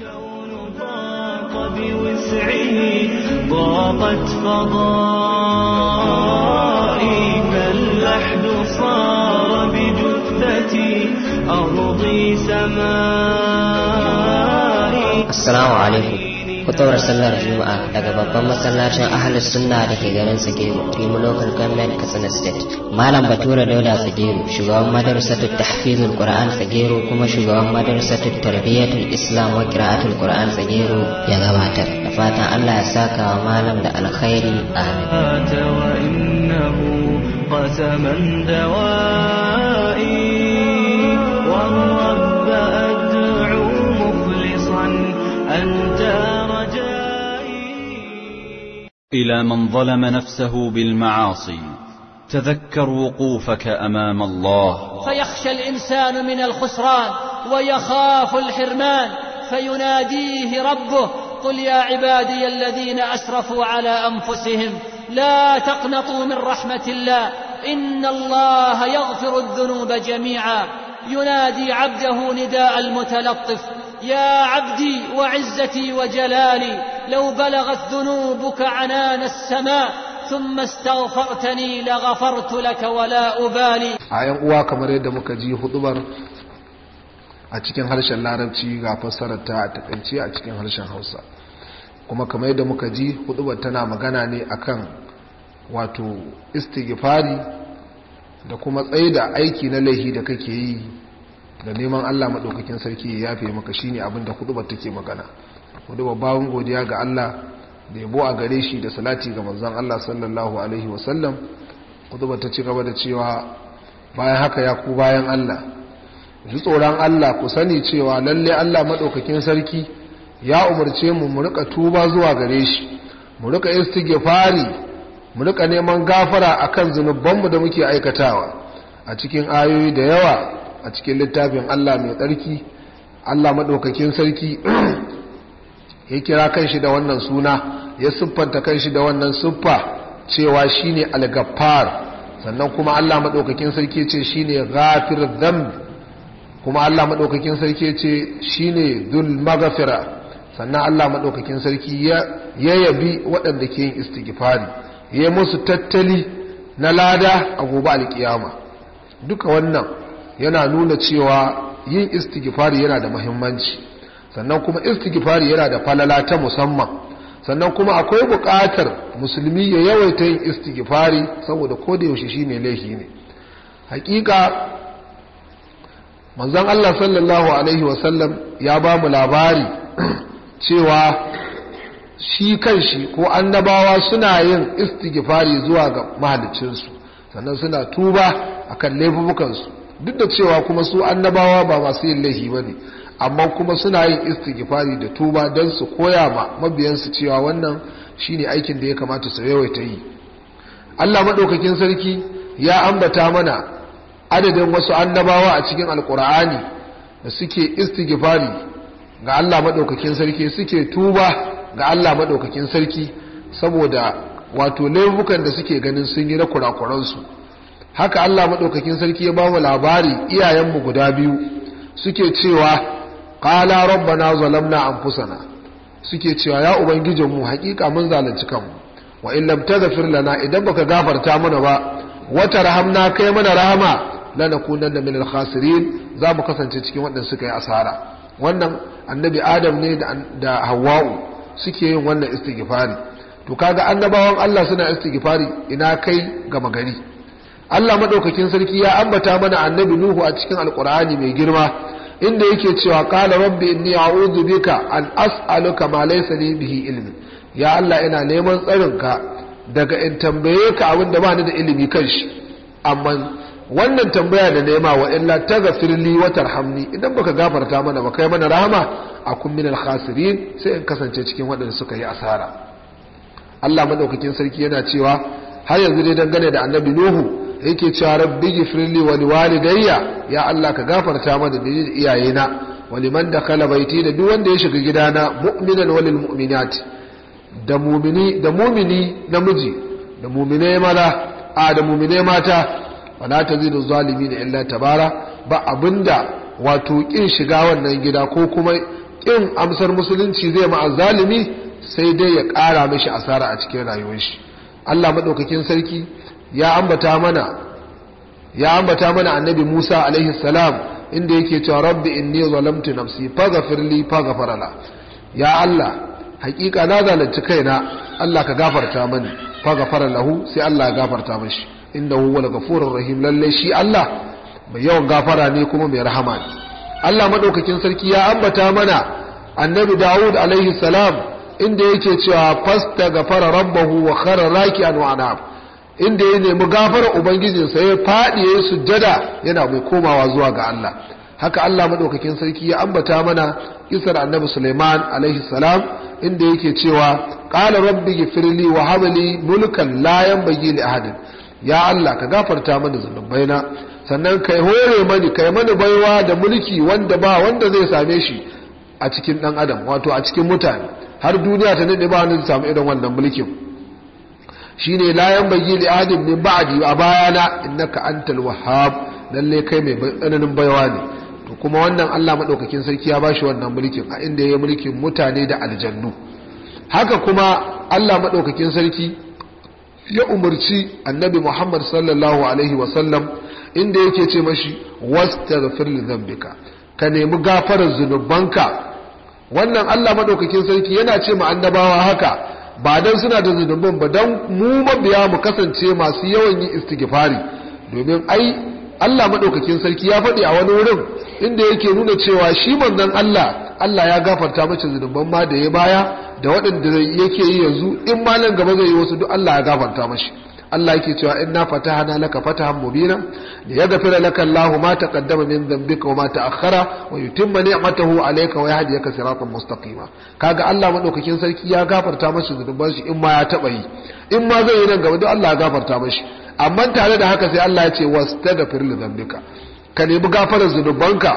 الكون ضاق بوسعه ضاقت فضائي فاللحد صار بجثتي أرضي سمائي السلام عليكم hutubar sallar juma'a daga babban masallacin ahalus sunna da ke garin tsagero timu local government katsina state malam batura dauda tsagero shugaban madarasatu tahfizul qur'an tsagero kuma shugaban ta tarbiyyatul islam wa qira'atul qur'an tsagero ya gabatar da fatan allah ya saka wa malam da alkhairi amin قسما ذوات إلى من ظلم نفسه بالمعاصي تذكر وقوفك أمام الله فيخشى الإنسان من الخسران ويخاف الحرمان فيناديه ربه قل يا عبادي الذين أسرفوا على أنفسهم لا تقنطوا من رحمة الله إن الله يغفر الذنوب جميعا ينادي عبده نداء المتلطف يا عبدي وعزتي وجلالي لو بلغت ذنوبك عنان السماء ثم استغفرتني لغفرت لك ولا أبالي عين أوا كمر يد مكجي خطبر a cikin harshen larabci ga fassarar ta a takaice a cikin harshen hausa kuma kamar yadda muka ji hudubar tana magana ne akan wato istighfari da kuma tsaida aiki na laifi da kake yi da neman Allah maɗaukakin sarki ya yafe maka shine abin da hudubar take magana wadda babban godiya ga Allah da yabo a gare shi da salati ga manzon Allah sallallahu alaihi wasallam kutuba ta ci gaba da cewa bayan haka ya ku bayan Allah ji tsoron Allah ku sani cewa lalle Allah madaukakin sarki ya umarce mu mu rika tuba zuwa gare shi mu rika istighfari mu rika neman gafara akan mu da muke aikatawa a cikin ayoyi da yawa a cikin littafin Allah mai tsarki Allah madaukakin sarki ya kira kanshi da wannan suna ya siffanta kanshi da wannan siffa cewa shine al-gaffar sannan kuma Allah madaukakin sarki ce shine ghafir dhanb kuma Allah madaukakin sarki ce shine dhul maghfira sannan Allah madaukakin sarki ya yabi waɗanda ke yin istighfari ya musu tattali na lada a gobe alkiyama duka wannan yana nuna cewa yin istighfari yana da muhimmanci sannan kuma istighfari yana da falala ta musamman sannan kuma akwai buƙatar musulmi ya yawaita yin istighfari saboda ko da yaushe shine laifi ne Haƙiƙa manzon Allah sallallahu alaihi wasallam ya ba mu labari cewa shi kanshi ko annabawa suna yin istighfari zuwa ga mahaliccinsu sannan suna tuba akan laifukansu duk da cewa kuma su annabawa ba masu yin laifi ba ne amma kuma suna yin istighfari da tuba don su koya ma mabiyansu cewa wannan shine aikin da ya kamata su yawaita yi Allah maɗaukakin sarki ya ambata mana adadin wasu annabawa a cikin alkur'ani da suke istighfari ga Allah maɗaukakin sarki suke tuba ga Allah maɗaukakin sarki saboda wato laifukan da suke ganin sun yi na kurakuransu haka Allah maɗaukakin sarki ya ba mu labari iyayenmu guda biyu suke cewa qala rabbana zalamna anfusana suke cewa ya ubangijinmu hakika mun zalunci kanmu wa in lam tazfir lana idan baka gafarta mana ba wa tarhamna kai mana rahama lanakunanna minal khasirin za mu kasance cikin waɗanda suka yi asara wannan annabi adam ne da hawwa'u suke yin wannan istighfari to kaga annabawan Allah suna istighfari ina kai gama gari Allah madaukakin sarki ya ambata mana annabi Nuhu a cikin alkur'ani mai girma inda yake cewa qala rabbi inni a'udhu bika an as'aluka ma laysa li bihi ilmi ya Allah ina neman tsarinka daga in tambaye ka abin da bani da ilimi kan shi amma wannan tambaya da nema wa illa taghfir li wa tarhamni idan baka gafarta mana ba kai mana rahama akun minal khasirin sai in kasance cikin waɗanda suka yi asara Allah madaukakin sarki yana cewa har yanzu dai dangane da annabi Nuhu yake cewa rabbi gifirli wa liwalidayya ya Allah ka gafarta mana da iyayena wa liman dakhala baiti da duk wanda ya shiga gidana mu'minan walil mu'minat da mu'mini da mu'mini namiji da mu'mine mala a da mu'mine mata wala tazidu zalimin illa tabara ba abinda wato kin shiga wannan gida ko kuma kin amsar musulunci zai ma zalimi sai dai ya ƙara mishi asara a cikin rayuwar shi Allah madaukakin sarki ya ambata mana ya ambata mana annabi Musa alaihi salam inda yake cewa rabbi inni zalamtu nafsi faghfir li faghfara la ya Allah hakika na zalunci kaina Allah ka gafarta mani faghfara lahu sai Allah ya gafarta mishi innahu wal ghafurur rahim lalle shi Allah mai yawan gafara ne kuma mai rahama ne Allah madaukakin sarki ya ambata mana annabi Dawud alaihi salam inda yake cewa fasta gafara rabbahu wa khara raki'an wa anab inda ya nemi gafarar ubangijinsa ya faɗi ya sujjada yana mai komawa zuwa ga Allah haka Allah madaukakin sarki ya ambata mana isar annabi Sulaiman alaihi salam inda yake cewa qala rabbi ghfirli wa mulkan layan yanbaghi li ahadin ya Allah ka gafarta mana zunubaina sannan kai hore mani kai mani baiwa da mulki wanda ba wanda zai same shi a cikin dan adam wato a cikin mutane har duniya ta nade ba wanda zai samu irin wannan mulkin Shi ne layan bayi da ne min ba'di a baya bayana innaka antal wahhab lalle kai mai tsananin baiwa ne to kuma wannan Allah madaukakin sarki ya ba shi wannan mulkin a inda yayi mulkin mutane da aljannu haka kuma Allah madaukakin sarki ya umarci annabi Muhammad sallallahu alaihi wasallam inda yake ce mashi wastaghfir li dhanbika ka nemi gafarar zunubanka wannan Allah madaukakin sarki yana ce ma annabawa haka ba don suna da zunubin ba don mu mabiya mu kasance masu yawan yi istighfari domin ai Allah madaukakin sarki ya faɗi a wani wurin inda yake nuna cewa shi manzon Allah Allah ya gafarta mace zunuban ma da ya baya da waɗanda yake yi yanzu in malam gaba zai yi wasu duk Allah ya gafarta mashi Allah yake cewa inna fatahana laka fatahan mubina liyaghfira laka Allahu ma taqaddama min dhanbika wa ma ta'akhkhara wa yutimma ni'matahu alayka wa yahdiyaka siratan mustaqima kaga Allah madaukakin sarki ya gafarta masa zunuban shi in ma ya taba yi in ma zai yi nan gaba duk Allah ya gafarta mashi amma tare da haka sai Allah ya ce wastaghfir li dhanbika ka nemi gafarar zunubanka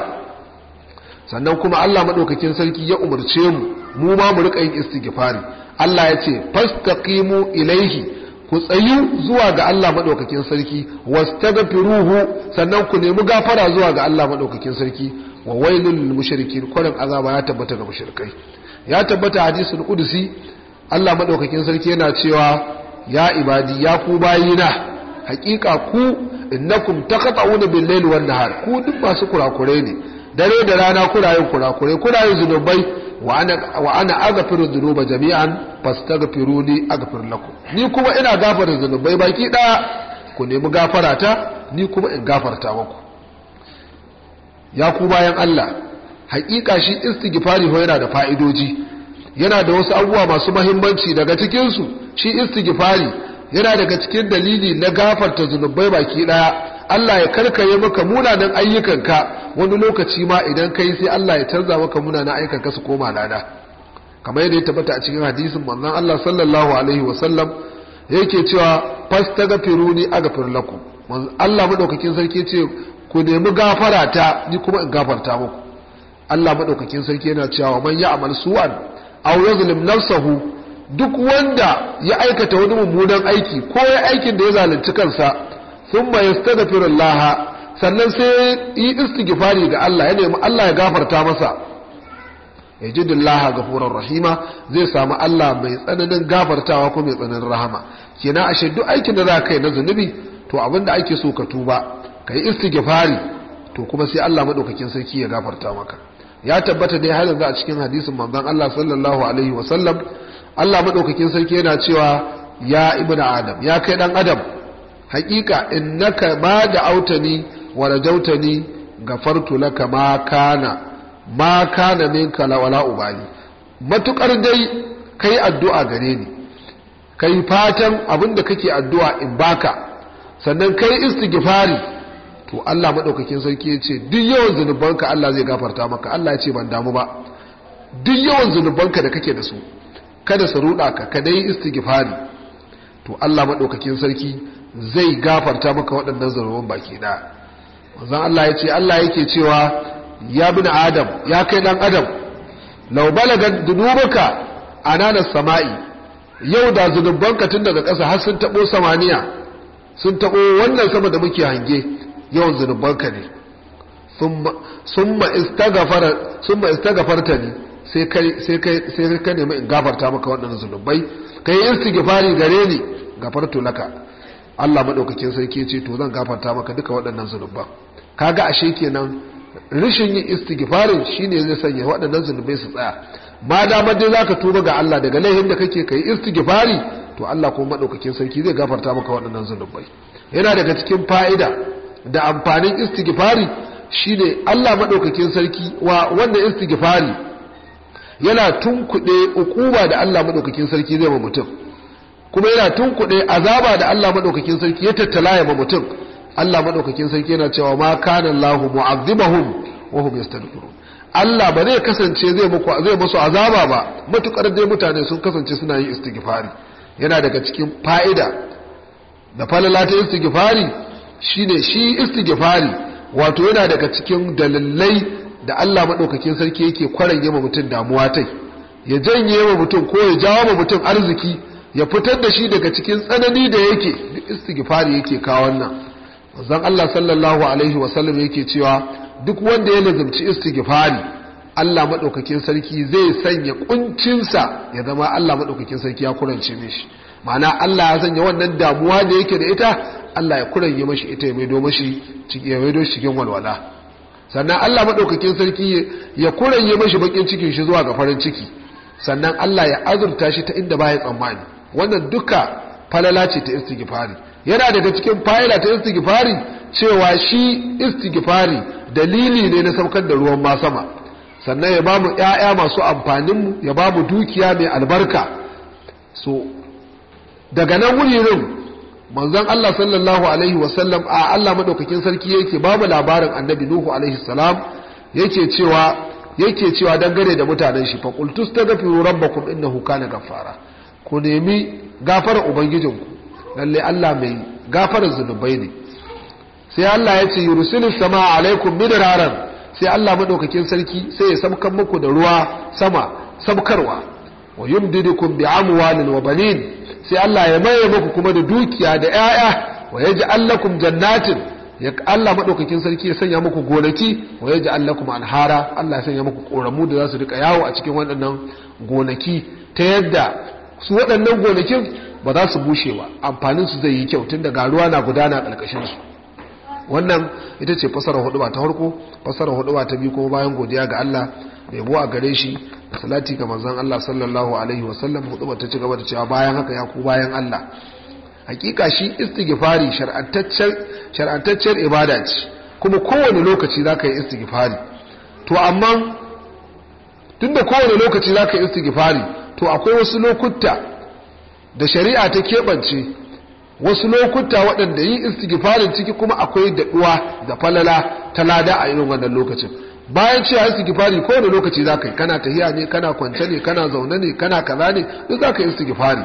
sannan kuma Allah madaukakin sarki ya umarce mu mu ma mu rika yin istighfari Allah ya ce fastaqimu ilaihi ku tsayu zuwa ga Allah maɗaukakin sarki wastagfiruhu sannan ku nemi gafara zuwa ga Allah maɗaukakin sarki wa wailul mushrikin kullun azaba ya tabbata ga mushrikai ya tabbata hadisul qudsi Allah maɗaukakin sarki yana cewa ya ibadi ya ku bayina hakika ku innakum taqta'una bil layli wan nahar ku duk masu kurakurai ne dare da rana kurayen kurakurai kurayen zunubai wa ana zunuba jami'an fastaghfiruni aghfir lakum ni kuma ina gafara zunubai baki ɗaya ku nemi gafara ta ni kuma in gafarta muku ya ku bayan Allah haƙiƙa shi istighfari ho yana da fa'idoji yana da wasu abubuwa masu muhimmanci daga cikinsu su shi istighfari yana daga cikin dalili na gafarta zunubai baki ɗaya Allah ya karkare maka munanan ayyukanka wani lokaci ma idan kai sai Allah ya canza maka munanan ayyukanka su koma lada kamar yadda ya tabbata a cikin hadisin manzon Allah sallallahu alaihi wasallam yake cewa fastaghfiruni aghfir lakum Allah madaukakin sarki ce ku nemi gafara ta ni kuma in gafarta muku Allah madaukakin sarki yana cewa man ya'mal su'an aw yuzlim nafsahu duk wanda ya aikata wani mummunan aiki ko ya aikin da ya zalunci kansa thumma yastaghfirullah sannan sai yi istighfari ga Allah ya nemi Allah ya gafarta masa yajidullah gafurar rahima zai samu Allah mai tsananin gafartawa ko mai tsananin rahama kenan ashe duk aikin da za kai na zunubi to abinda ake so ka tuba kai istighfari to kuma sai Allah madaukakin sarki ya gafarta maka ya tabbata dai har yanzu a cikin hadisin manzon Allah sallallahu alaihi wa Allah madaukakin sarki yana cewa ya ibnu adam ya kai dan adam haƙiƙa innaka ba da autani wa rajautani gafartu laka ma kana ma kana min la wala ubani matukar dai kai addu'a gare ni kai fatan abinda kake addu'a in baka sannan kai istighfari to Allah madaukakin sarki ya ce duk yawan zanubanka Allah zai gafarta maka Allah ya ce ban damu ba duk yawan zanubanka da kake da su kada su ruda ka yi istighfari to Allah maɗaukakin sarki zai gafarta maka waɗannan zanuban baki na. wanzan Allah ya ce Allah yake cewa ya bi adam ya kai ɗan adam lau maka a nanar sama'i yau da zunubanka tun daga ƙasa har sun taɓo samaniya sun taɓo wannan sama da muke hange yawan zunubanka ne summa istagafarta ne sai ka nemi in gafarta maka waɗannan zunubai kai istighfari gare ni gafartu laka Allah madaukakin sarki ce to zan gafarta maka duka waɗannan zunuban kaga ashe kenan rishin yin istighfarin shine zai sanya waɗannan zunubai su tsaya ma dama dai zaka tuba ga Allah daga laihin da kake kai istighfari to Allah kuma madaukakin sarki zai gafarta maka waɗannan zunubai yana daga cikin fa'ida da amfanin istighfari shine Allah madaukakin sarki wa wannan istighfari yana tunkuɗe ukuba da Allah maɗaukakin sarki zai ba mutum kuma yana tunkuɗe azaba da Allah maɗaukakin sarki ya tattala ya ba mutum Allah maɗaukakin sarki yana cewa ma kana Allahu mu'azzibahum wa hum Allah ba zai kasance zai masu azaba ba matukar dai mutane sun kasance suna yin istighfari yana daga cikin fa'ida da falala ta istighfari shine shi istighfari wato yana daga cikin dalilai da Allah maɗaukakin sarki yake kwaran yama mutum damuwa tai ya janye wa mutum ko ya jawo wa mutum arziki ya fitar da shi daga cikin tsanani da yake duk istighfari yake kawo wannan manzon Allah sallallahu alaihi wasallam yake cewa duk wanda ya lazumci istighfari Allah maɗaukakin sarki zai sanya ƙuncinsa ya zama Allah maɗaukakin sarki ya kurance mishi ma'ana Allah ya sanya wannan damuwa da yake da ita Allah ya kuranye mishi ita ya maido mashi ya maido cikin walwala sannan Allah maɗaukakin sarki ya kuranye mashi bakin cikin shi zuwa ga farin ciki sannan Allah ya azurta shi ta inda baya tsammani wannan duka falala ce ta istigifari yana daga cikin fa'ila ta istigifari cewa shi istigifari dalili ne na saukar da ruwan ma sannan ya ba mu 'ya'ya masu amfanin ya ba mu dukiya mai albarka so daga nan wuri manzon Allah sallallahu alaihi wasallam a Allah madaukakin sarki yake babu labarin annabi nuhu alaihi salam yake cewa yake cewa dangare da mutanen shi faqultus tagfiru rabbakum innahu kana ghaffara ku nemi gafara ubangijinku lalle Allah mai gafara zunubai ne sai Allah ya ce yursilu sama alaikum bidararan sai Allah madaukakin sarki sai ya samkan muku da ruwa sama samkarwa. wa yumdidukum bi amwalin wa banin sai Allah ya maye muku kuma da dukiya da 'ya'ya wa yaj'al lakum jannatin ya Allah madaukakin sarki ya sanya muku gonaki wa yaj'al lakum alhara, Allah ya sanya muku koramu da za su rika yawo a cikin waɗannan gonaki ta yadda su waɗannan gonakin ba za su bushe ba amfanin su zai yi kyau tunda garuwa ruwa na gudana ƙarƙashin su wannan ita ce fasara huduba ta harko fasara huduba ta biyu kuma bayan godiya ga Allah mai buwa a gare shi da salati ga manzon Allah sallallahu alaihi wasallam huduba ta ci gaba da cewa bayan haka ya ku bayan Allah hakika shi istighfari shar'antaccen ibada ce kuma kowane lokaci zaka yi istighfari to amma tunda kowane lokaci zaka yi istighfari to akwai wasu lokuta da shari'a ta keɓance wasu lokuta waɗanda yi istighfarin ciki kuma akwai daɗuwa da falala ta lada a irin wannan lokacin bayan cewa istighfari ko wani lokaci za ka yi kana tahiya ne kana kwance ne kana zaune ne kana kaza ne duk za ka yi istighfari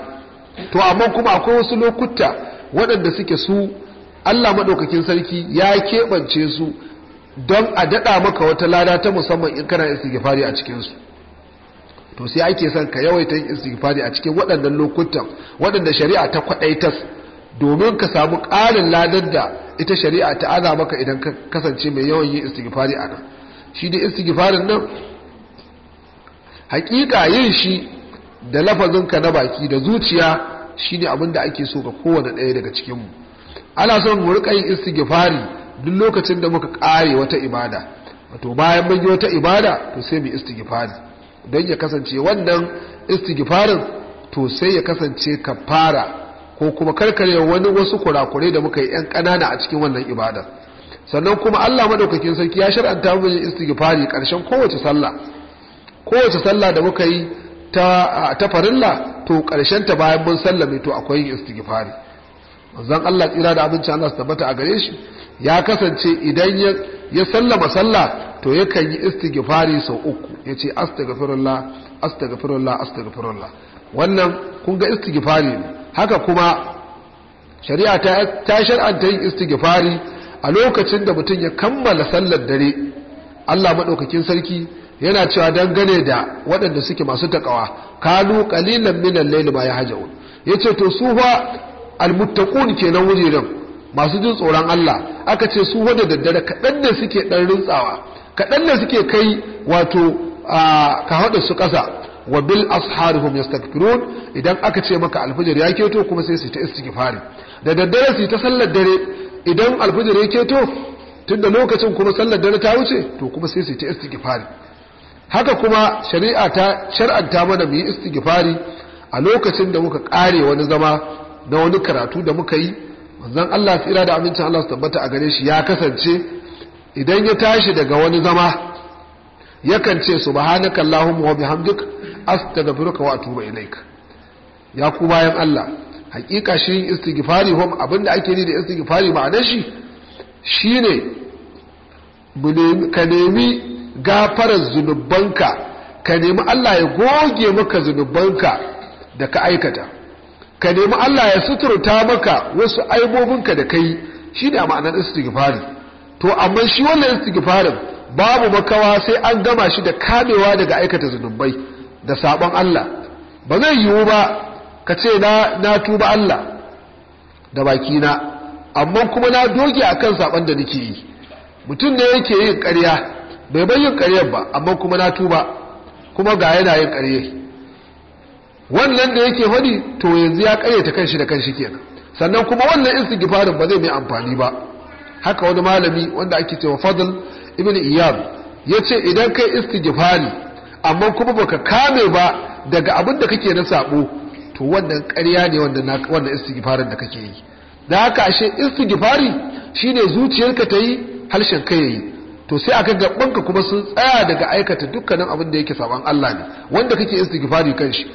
to amma kuma akwai wasu lokuta waɗanda suke su Allah maɗaukakin sarki ya keɓance su don a daɗa maka wata lada ta musamman in kana istighfari a cikinsu to sai ake son ka yawaita yin istighfari a cikin waɗannan lokutan waɗanda shari'a ta kwaɗaitas domin ka samu ƙarin ladar da ita shari'a ta ana maka idan ka kasance mai yawan yin istigifari a nan shi da istigifarin nan hakika yin shi da lafazinka na baki da zuciya shi ne abin da ake so ga kowane ɗaya daga cikinmu ana son mu riƙa yin istigifari duk lokacin da muka ƙare wata ibada wato bayan mun wata ibada to sai mu istigifari don ya kasance wannan istigifarin to sai ya kasance ka fara. ko kuma karkare wani wasu kurakurai da muka yi yan ƙanana a cikin wannan ibada sannan kuma Allah madaukakin sarki ya shar'anta mu yin istighfari ƙarshen kowace sallah kowace sallah da muka yi ta ta farilla to ƙarshen ta bayan mun sallame to akwai yin istighfari manzon Allah tsira da abinci Allah su tabbata a gare shi ya kasance idan ya sallama sallah to yakan yi istighfari sau uku Ya yace astaghfirullah astaghfirullah astaghfirullah wannan kun ga istighfari ne haka kuma shari'a ta shar'anta yin istighfari a lokacin da mutum ya kammala sallar dare Allah madaukakin sarki yana cewa dangane da waɗanda suke masu takawa kalu qalilan minal layli ma yahjaun yace to su fa almuttaqun kenan nan? masu jin tsoron Allah aka ce su wanda daddare kaɗan ne suke ɗan rintsawa kaɗan ne suke kai wato ka hada su ƙasa wa bil asharihum yastakbirun idan aka ce maka alfajir ya keto kuma sai su ta istighfari da daddare su ta sallar dare idan alfajir ya keto tunda lokacin kuma sallar dare ta wuce to kuma sai su ta istighfari haka kuma shari'a ta shar'anta mana mu yi istighfari a lokacin da muka kare wani zama na wani karatu da muka yi manzon Allah tsira da amincin Allah su tabbata a gare shi ya kasance idan ya tashi daga wani zama yakan ce subhanakallahumma wa bihamdika astaghfiruka wa atubu ilaik ya ku bayan Allah hakika shi istighfari hom abinda ake ni da istighfari ma'anar shi shine ka nemi gafarar zunubanka ka nemi Allah ya goge maka zunubanka da ka aikata ka nemi Allah ya suturta maka wasu aibobinka da kai shi ne ma'anar istighfari to amma shi wannan istighfarin babu makawa sai an gama shi da kamewa daga aikata zunubai da sabon Allah ba zai yiwu ba ka ce na tuba Allah da baki na amma kuma na doge akan sabon da nake yi mutum da yake yin karya bai bai yin ƙaryar ba amma kuma na tuba kuma ga yana yin ƙarye wannan da yake hadi to yanzu ya ƙaryata kanshi da kanshi kenan sannan kuma wannan istighfarin ba zai mai amfani ba haka wani malami wanda ake cewa fadl ibn iyab yace idan kai istighfari amma kuma baka kame ba daga abin da kake na sabo to wannan ƙarya ne wannan wannan istighfarin da kake yi da haka ashe istighfari shine zuciyarka ta yi harshen kai yayi to sai aka gabanka kuma sun tsaya daga aikata dukkanin abin da yake saban Allah ne wanda kake istighfari kanshi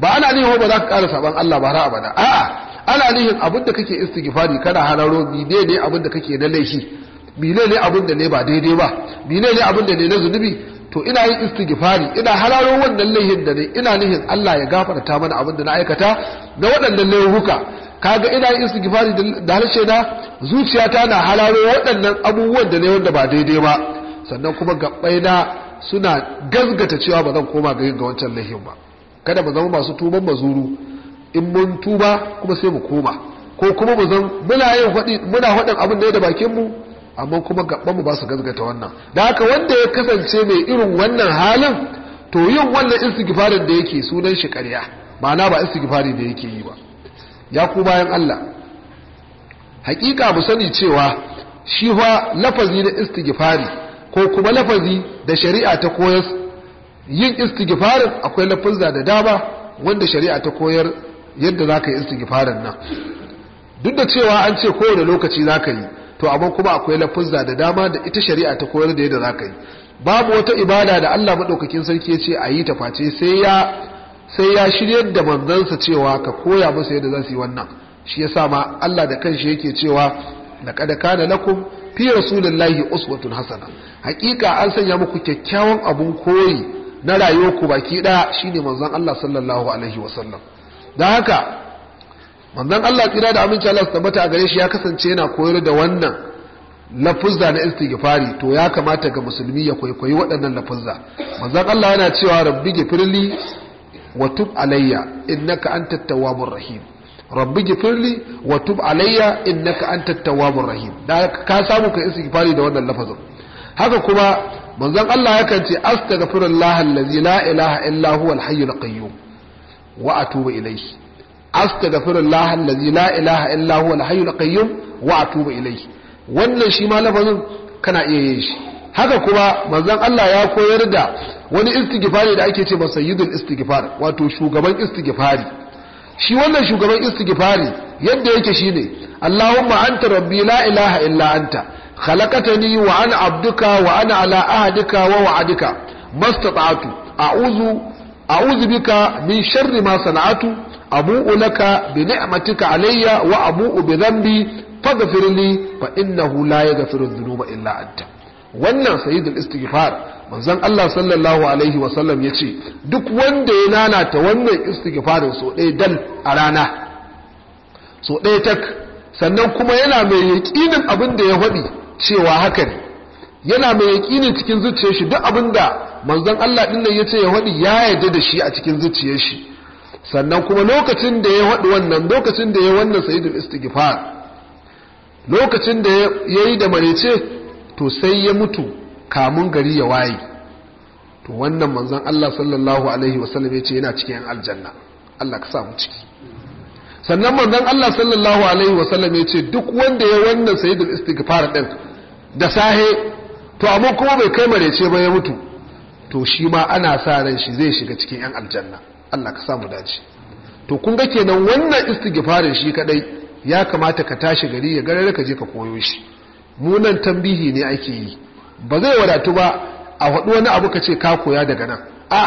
ba ana nihin ba za ka ƙara saban Allah ba ra'a bana a'a ana ne abin da kake istighfari kana hararo bi ne ne abin da kake na laifi bi ne ne abin da ne ba daidai ba bi ne ne abin da ne na zunubi to ina yin istighfari ina halalo wannan laihin da ne ina nihin Allah ya gafarta mana abin da na aikata na waɗannan laihuka kaga ina yin istighfari da harshe na zuciyata na halalo waɗannan abubuwan da ne wanda ba daidai ba sannan kuma gabbai na suna gazgata cewa ba zan koma ga yin ga wancan laihin ba kada mu zama masu tuban mazuru in mun tuba kuma sai mu koma ko kuma mu zan muna yin muna faɗin abin da ya da bakin mu amma kuma gabanmu ba su gazgata wannan da haka wanda ya kasance mai irin wannan halin to yin wannan istighfarin da yake sunan shi ƙarya ma'ana ba istighfari da yake yi ba ya ku bayan Allah hakika mu sani cewa shi fa lafazi na istighfari ko kuma lafazi da shari'a ta koyar yin istighfarin akwai lafazza da dama wanda shari'a ta koyar yadda zaka yi istighfarin nan duk da cewa an ce kowane lokaci zaka yi to amma kuma akwai lafuzza da dama da ita shari'a ta koyar da yadda zaka yi babu wata ibada da Allah madaukakin sarki ya ce a yi ta face sai ya sai ya shiryar da manzansa cewa ka koya musu yadda za su yi wannan shi yasa ma Allah da kanshi yake cewa laqad kana lakum fi rasulillahi uswatun hasana hakika an sanya muku kyakkyawan abun koyi na rayuwarku baki daya shine manzon Allah sallallahu alaihi wasallam dan haka manzon Allah tsira da aminci Allah su tabbata a gare shi ya kasance yana koyar da wannan lafuzza na istighfari to ya kamata ga musulmi ya kwaikwayi waɗannan lafuzza Manzan Allah yana cewa rabbi gifirli wa tub alayya innaka antat tawwabur rahim rabbi gifirli wa tub alayya innaka antat tawwabur rahim da ka samu ka istighfari da wannan lafazin haka kuma manzon Allah yakan ce astaghfirullah allazi la ilaha illa huwal hayyul qayyum wa atubu astaghfirullah allazi la ilaha illa huwa al-hayyul qayyum wa atubu wannan shi ma lafazin kana iya yin shi haka kuma manzon Allah ya koyar da wani istighfari da ake ce masa sayyidul istighfar wato shugaban istighfari shi wannan shugaban istighfari yadda yake shine Allahumma anta rabbi la ilaha illa anta khalaqatani wa ana abduka wa ana ala ahdika wa wa'adika mastata'tu a'udhu a'udhu bika min sharri ma sana'atu abu'u laka bi ni'matika alayya wa abu'u bi dhanbi faghfir li fa innahu la yaghfiru dhunuba illa anta wannan sayyidul istighfar manzon Allah sallallahu alaihi wa sallam yace duk wanda ya nanata wannan istighfarin so ɗaya dal a rana so ɗaya tak sannan kuma yana mai yaƙinin abin da ya faɗi cewa haka ne yana mai yaƙinin cikin zuciyar duk abin da manzon Allah ɗin nan ya ce ya faɗi ya yarda da shi a cikin zuciyar shi sannan kuma lokacin da ya haɗu wannan lokacin da ya wannan da istighfar lokacin da ya yi da marece to sai ya mutu kamun gari ya waye to wannan manzan Allah sallallahu alaihi wasallam ya ce yana cikin aljanna Allah ka samu ciki sannan manzan Allah sallallahu alaihi wasallam ya ce duk wanda ya wannan sayidul istighfar ɗin da sahe to amma kuma bai kai marece ba ya mutu to shi ma ana sa ran shi zai shiga cikin yan aljanna Allah ka samu dace to kun ga kenan wannan istighfarin shi kadai ya kamata ka tashi gari ya gare ka je ka koyo shi munan tambihi ne ake yi ba zai wadatu ba a hudu wani abu ka ce ka koya daga nan a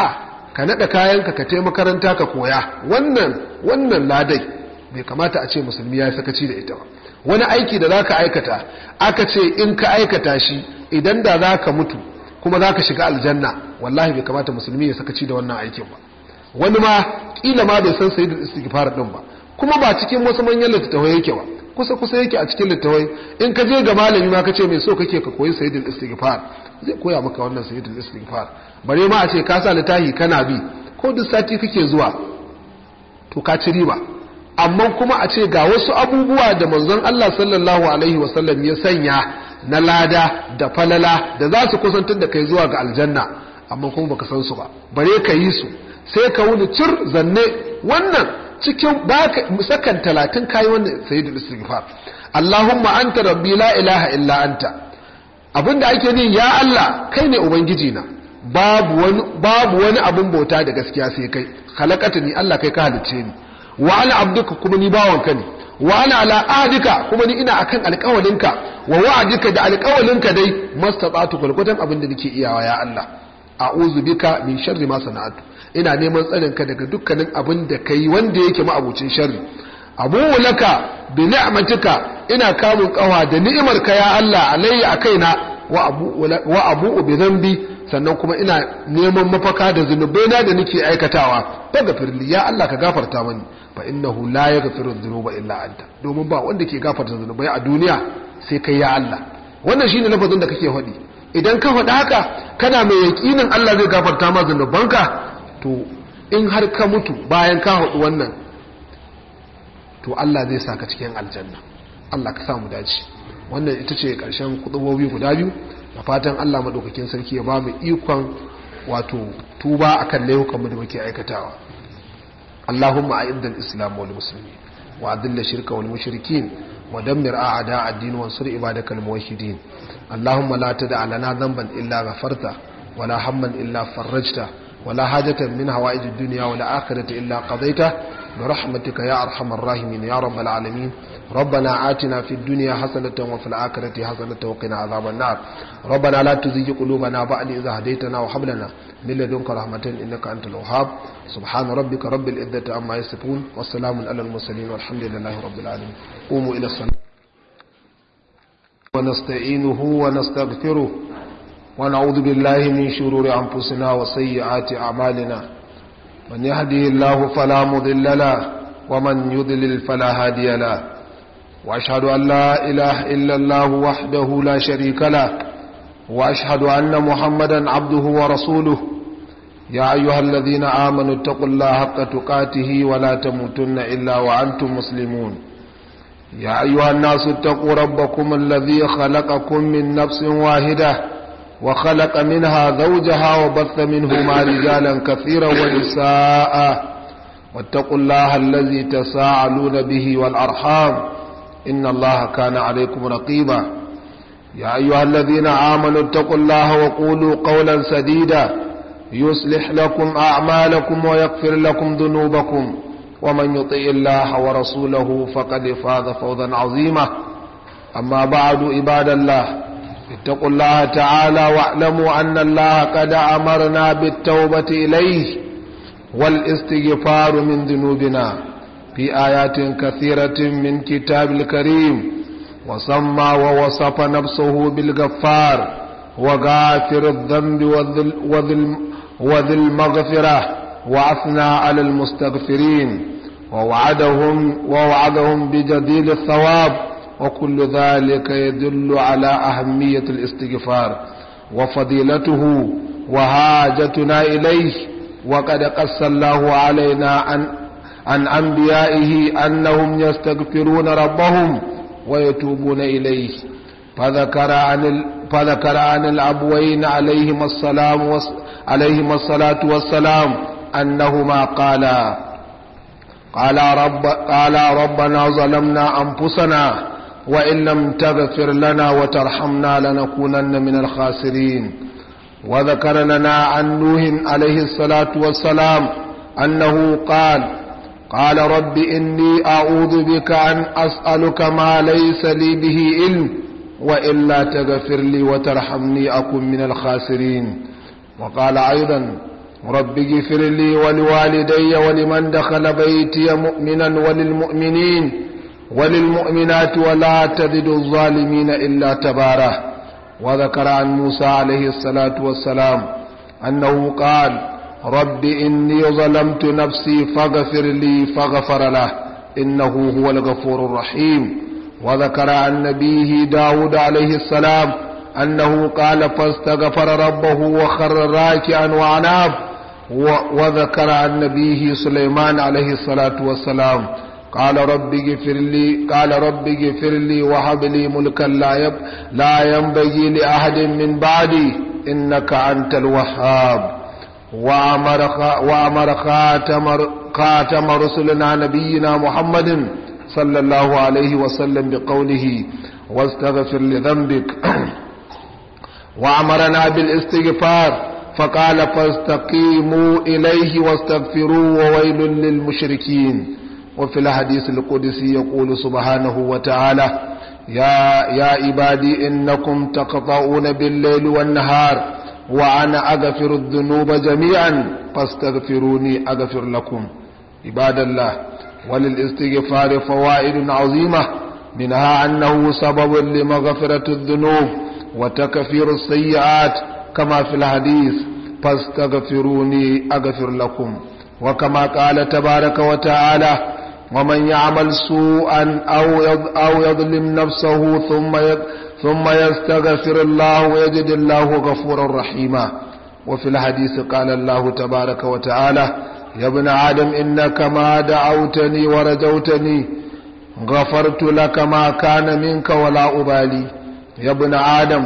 ka naɗa kayan ka taimaka makaranta ka koya wannan wannan ladai bai kamata a ce musulmi ya sakaci da ita ba wani aiki da za ka aikata aka ce in ka aikata shi idan da za ka mutu kuma za ka shiga aljanna wallahi bai kamata musulmi ya sakaci da wannan aikin ba wani ma ƙila ma bai san sayyidul istighfar din ba kuma ba cikin wasu manyan littattafai yake ba kusa kusa yake a cikin littattafai in ka je ga malami ma kace mai so kake ka koyi sayyidul istighfar zai koya maka wannan sayyidul istighfar bare ma a ce ka sa littafi kana bi ko duk sati kake zuwa to ka ci riba amma kuma a ce ga wasu abubuwa da manzon Allah sallallahu alaihi wasallam ya sanya na lada da falala da za su kusantar da kai zuwa ga aljanna amma kuma baka san su ba bare ka yi su sai ka wuni cir zanne wannan cikin baka sakan talatin kayi wannan sayyidul istighfar Allahumma anta rabbi la ilaha illa anta abinda ake ni ya Allah kai ne ubangiji na babu wani babu wani abin bauta da gaskiya sai kai khalaqatni Allah kai ka halice ni wa ana abduka kuma ni bawanka ne wa ana ala ahdika kuma ni ina akan alƙawalinka wa wa'adika da alƙawalinka dai mastata'tu kulkutan abinda nake iyawa ya Allah a'udhu bika min sharri ma sana'atu ina neman tsarinka daga dukkanin abin da ka yi wanda yake ma'abucin shari abu laka bi ni'matika ina kamun kawa da ni'imar ka ya Allah alayya akaina wa abu wa abu bi zambi sannan kuma ina neman mafaka da zunubaina da nake aikatawa Ta firli ya Allah ka gafarta mani fa innahu la yaghfiru dhunuba illa anta domin ba wanda ke gafarta zunubai a duniya sai kai ya Allah wannan shine lafazin da kake faɗi idan ka faɗa haka kana mai yaƙinin Allah zai gafarta ma zunubanka to in har ka mutu bayan ka haɗu wannan to Allah zai sa ka cikin aljanna Allah ka samu dace wannan ita ce ƙarshen kudubobi guda biyu da fatan Allah maɗaukakin sarki ya ba mu ikon wato tuba akan laifukanmu da muke aikatawa Allahumma a'id al-islam wal muslimin wa adilla shirka wal mushrikin wa dammir a'ada ad-din wa ansur ibadakal muwahhidin Allahumma la tad'a dhanban illa ghafarta wa la hamman illa farajta ولا حاجة من هوائج الدنيا والآخرة إلا قضيته برحمتك يا أرحم الراحمين يا رب العالمين ربنا آتنا في الدنيا حسنة وفي الآخرة حسنة وقنا عذاب النار ربنا لا تزيج قلوبنا بعد إذا هديتنا وحبلنا من لدنك رحمة إنك أنت الوهاب سبحان ربك رب العزة عما يصفون والسلام على المرسلين والحمد لله رب العالمين قوموا إلى الصلاة ونستعينه ونستغفره ونعوذ بالله من شرور أنفسنا وسيئات أعمالنا من يهدي الله فلا مضل له ومن يضلل فلا هادي له وأشهد أن لا إله إلا الله وحده لا شريك له وأشهد أن محمدا عبده ورسوله يا أيها الذين آمنوا اتقوا الله حق تقاته ولا تموتن إلا وأنتم مسلمون يا أيها الناس اتقوا ربكم الذي خلقكم من نفس واحدة وخلق منها زوجها وبث منهما رجالا كثيرا ونساء واتقوا الله الذي تساءلون به والأرحام إن الله كان عليكم رقيبا يا أيها الذين آمنوا اتقوا الله وقولوا قولا سديدا يصلح لكم أعمالكم ويغفر لكم ذنوبكم ومن يطيع الله ورسوله فقد فاز فوزا عظيما أما بعد عباد الله اتقوا الله تعالى واعلموا أن الله قد أمرنا بالتوبة إليه والاستغفار من ذنوبنا في آيات كثيرة من كتاب الكريم وسمى ووصف نفسه بالغفار وغافر الذنب وذي, المغفرة وأثنى على المستغفرين ووعدهم, ووعدهم بجديد الثواب وكل ذلك يدل على أهمية الاستغفار وفضيلته وحاجتنا إليه وقد قص الله علينا عن عن أنبيائه أنهم يستغفرون ربهم ويتوبون إليه فذكر عن فذكر عن الأبوين عليهما السلام عليهما الصلاة والسلام أنهما قالا قال رب قال ربنا ظلمنا أنفسنا وإن لم تغفر لنا وترحمنا لنكونن من الخاسرين وذكر لنا عن نوح عليه الصلاة والسلام أنه قال قال رب إني أعوذ بك أن أسألك ما ليس لي به علم وإلا تغفر لي وترحمني أكن من الخاسرين وقال أيضا رب اغفر لي ولوالدي ولمن دخل بيتي مؤمنا وللمؤمنين وللمؤمنات ولا تزد الظالمين إلا تبارا وذكر عن موسى عليه الصلاة والسلام أنه قال رب إني ظلمت نفسي فاغفر لي فغفر له إنه هو الغفور الرحيم وذكر عن نبيه داود عليه السلام أنه قال فاستغفر ربه وخر راكعا وعناب وذكر عن نبيه سليمان عليه الصلاة والسلام قال رب اغفر لي قال رب اغفر لي وهب لي ملكا لا يب لا ينبغي لأحد من بعدي إنك أنت الوهاب وأمر وأمر خاتم خاتم رسلنا نبينا محمد صلى الله عليه وسلم بقوله واستغفر لذنبك وأمرنا بالاستغفار فقال فاستقيموا إليه واستغفروه وويل للمشركين وفي الحديث القدسي يقول سبحانه وتعالى يا, يا عبادي إنكم تقطعون بالليل والنهار وأنا أغفر الذنوب جميعا فاستغفروني أغفر لكم عباد الله وللاستغفار فوائد عظيمة منها أنه سبب لمغفرة الذنوب وتكفير السيئات كما في الحديث فاستغفروني أغفر لكم وكما قال تبارك وتعالى ومن يعمل سوءا أو أو يظلم نفسه ثم ثم يستغفر الله ويجد الله غفورا رحيما وفي الحديث قال الله تبارك وتعالى يا ابن آدم إنك ما دعوتني ورجوتني غفرت لك ما كان منك ولا أبالي يا ابن آدم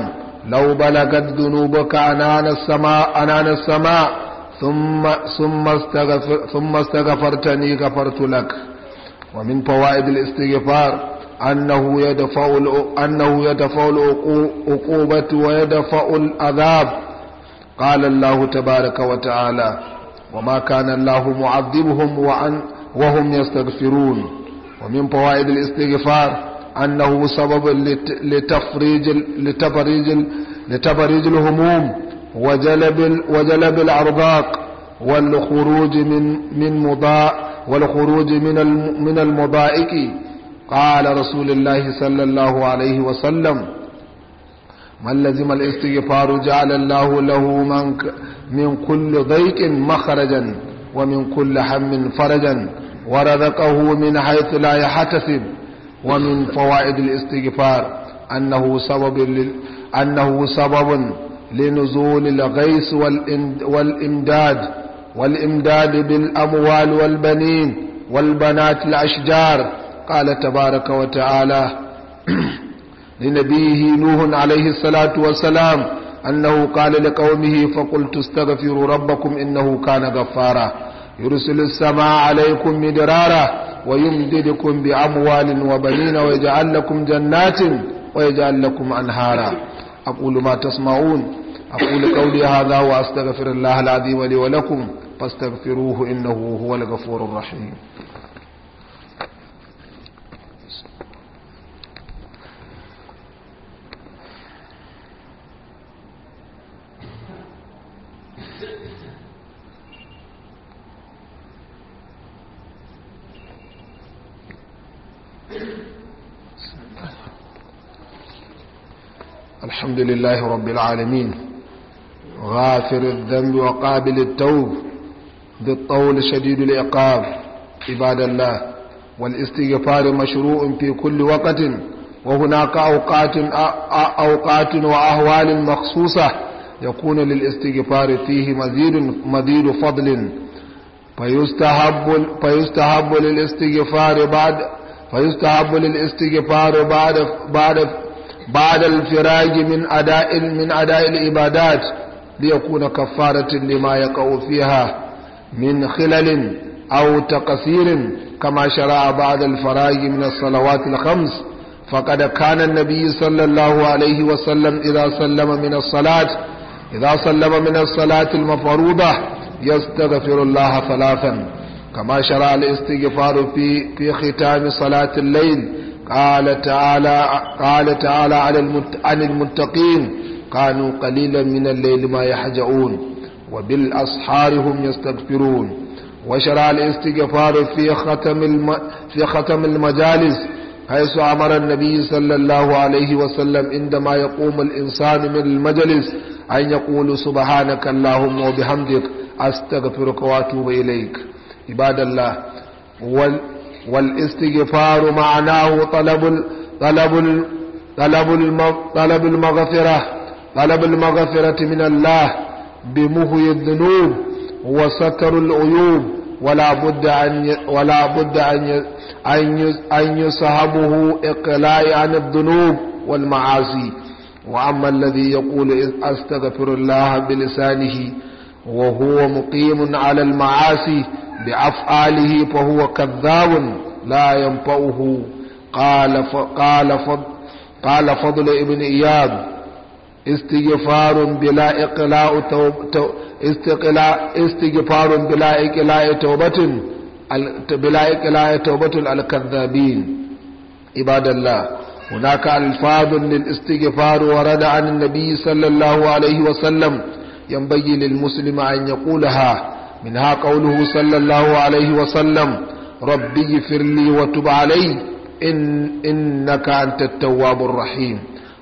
لو بلغت ذنوبك أنان السماء أنان السماء ثم ثم استغفر ثم استغفرتني غفرت لك ومن فوائد الاستغفار أنه يدفع أنه يدفع العقوبة ويدفع العذاب قال الله تبارك وتعالى وما كان الله معذبهم وأن وهم يستغفرون ومن فوائد الاستغفار أنه سبب لتفريج لتفريج لتفريج الهموم وجلب وجلب الأرزاق والخروج من من مضاء والخروج من من المضائق قال رسول الله صلى الله عليه وسلم من لزم الاستغفار جعل الله له من من كل ضيق مخرجا ومن كل هم فرجا ورزقه من حيث لا يحتسب ومن فوائد الاستغفار أنه سبب لل... أنه سبب لنزول الغيث والإمداد والإمداد بالأموال والبنين والبنات الأشجار قال تبارك وتعالى لنبيه نوح عليه الصلاة والسلام أنه قال لقومه فقلت استغفروا ربكم إنه كان غفارا يرسل السماء عليكم مدرارا ويمددكم بأموال وبنين ويجعل لكم جنات ويجعل لكم أنهارا أقول ما تسمعون أقول قولي هذا وأستغفر الله العظيم لي ولكم فاستغفروه إنه هو الغفور الرحيم الحمد لله رب العالمين غافر الذنب وقابل التوب بالطول شديد العقاب عباد الله والاستغفار مشروع في كل وقت وهناك أوقات, أوقات وأهوال مخصوصة يكون للاستغفار فيه مزيد, مزيد فضل فيستحب, فيستحب للاستغفار بعد فيستحب للاستغفار بعد بعد بعد الفراج من أداء من أداء العبادات ليكون كفارة لما يقع فيها من خلل أو تقصير كما شرع بعد الفراغ من الصلوات الخمس فقد كان النبي صلى الله عليه وسلم إذا سلم من الصلاة إذا سلم من الصلاة المفروضة يستغفر الله ثلاثا كما شرع الاستغفار في في ختام صلاة الليل قال تعالى قال تعالى عن المتقين كانوا قليلا من الليل ما يحجؤون وبالأصحار هم يستغفرون وشرع الاستغفار في ختم, الم... في ختم المجالس حيث أمر النبي صلى الله عليه وسلم عندما يقوم الإنسان من المجلس أن يقول سبحانك اللهم وبحمدك أستغفرك وأتوب إليك عباد الله وال والاستغفار معناه طلب ال طلب ال طلب, طلب المغفرة طلب المغفرة من الله بمهي الذنوب وستر العيوب ولا بد أن ولا بد أن أن يصحبه إقلاع عن الذنوب والمعاصي وأما الذي يقول أستغفر الله بلسانه وهو مقيم على المعاصي بأفعاله فهو كذاب لا ينفعه قال قال فضل قال فضل ابن إياد استغفار بلا إقلاء توب استغفار بلا إقلاء توبة بلا إقلاء توبة الكذابين عباد الله هناك ألفاظ للاستغفار ورد عن النبي صلى الله عليه وسلم ينبغي للمسلم أن يقولها منها قوله صلى الله عليه وسلم ربي اغفر لي وتب علي إن إنك أنت التواب الرحيم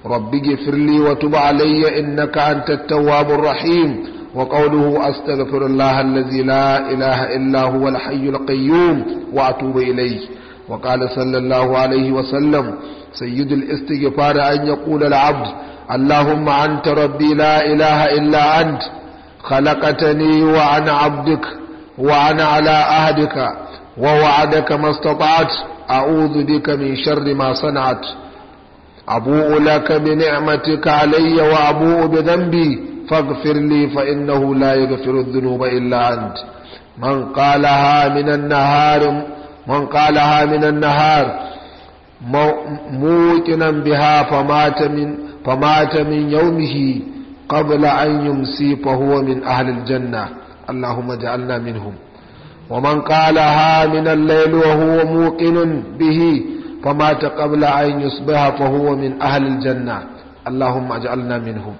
رب اغفر لي وتب علي إنك أنت التواب الرحيم وقوله أستغفر الله الذي لا إله إلا هو الحي القيوم وأتوب إليه وقال صلى الله عليه وسلم سيد الاستغفار أن يقول العبد اللهم أنت ربي لا إله إلا أنت خلقتني وأنا عبدك وأنا على عهدك ووعدك ما استطعت أعوذ بك من شر ما صنعت أبوء لك بنعمتك علي وأبوء بذنبي فاغفر لي فإنه لا يغفر الذنوب إلا أنت من قالها من النهار من قالها من النهار موقنا بها فمات من فمات من يومه قبل أن يمسي فهو من أهل الجنة اللهم اجعلنا منهم ومن قالها من الليل وهو موقن به فمات قبل أن يصبح فهو من أهل الجنة اللهم اجعلنا منهم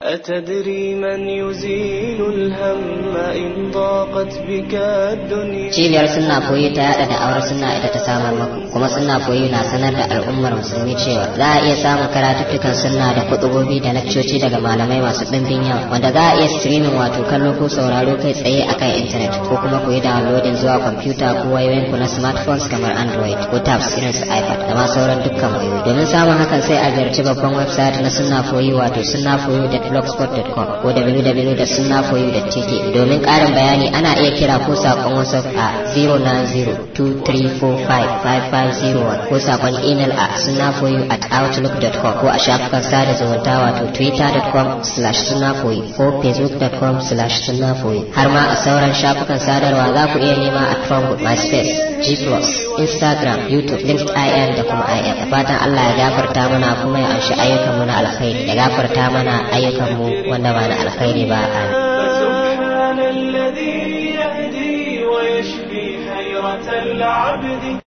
أتدري من يزيل الهم إن ضاقت بك الدنيا cibiyar sunna koyi ta yada da auren suna ita ta samar maku kuma sunna koyi na sanar da al'ummar musulmi cewa za a iya samun karatuttukan sunna da kuɗubobi da lakcoci daga malamai masu ɗimbin yawa wanda za a iya streaming wato kallo ko sauraro kai tsaye akan intanet ko kuma koyi downloading zuwa kwamfuta ko wayoyinku ku na smartphones kamar android ko tabs irinsu, su ipad da ma sauran dukkan wayoyi domin samun hakan sai a ziyarci babban website na sunna koyi wato sunna koyi wwwsunna ko wwwsunna domin ƙarin bayani ana iya kira ko saƙon WhatsApp a 09023455501 ko saƙon email a sunna at outlook.com ko a shafukan sada zumunta wato twitter.com slash ko facebook.com slash har ma a sauran shafukan sadarwa za ku iya nema a Trumpet, MySpace, Gplus, Instagram, YouTube, LinkedIn da kuma IM. Fatan Allah ya gafarta mana kuma ya amshi ayyukanmu na alkhairi ya gafarta mana ayyukan وسموا والنوال على خير ما فسبحان الذي يهدي ويشفي حيرة العبد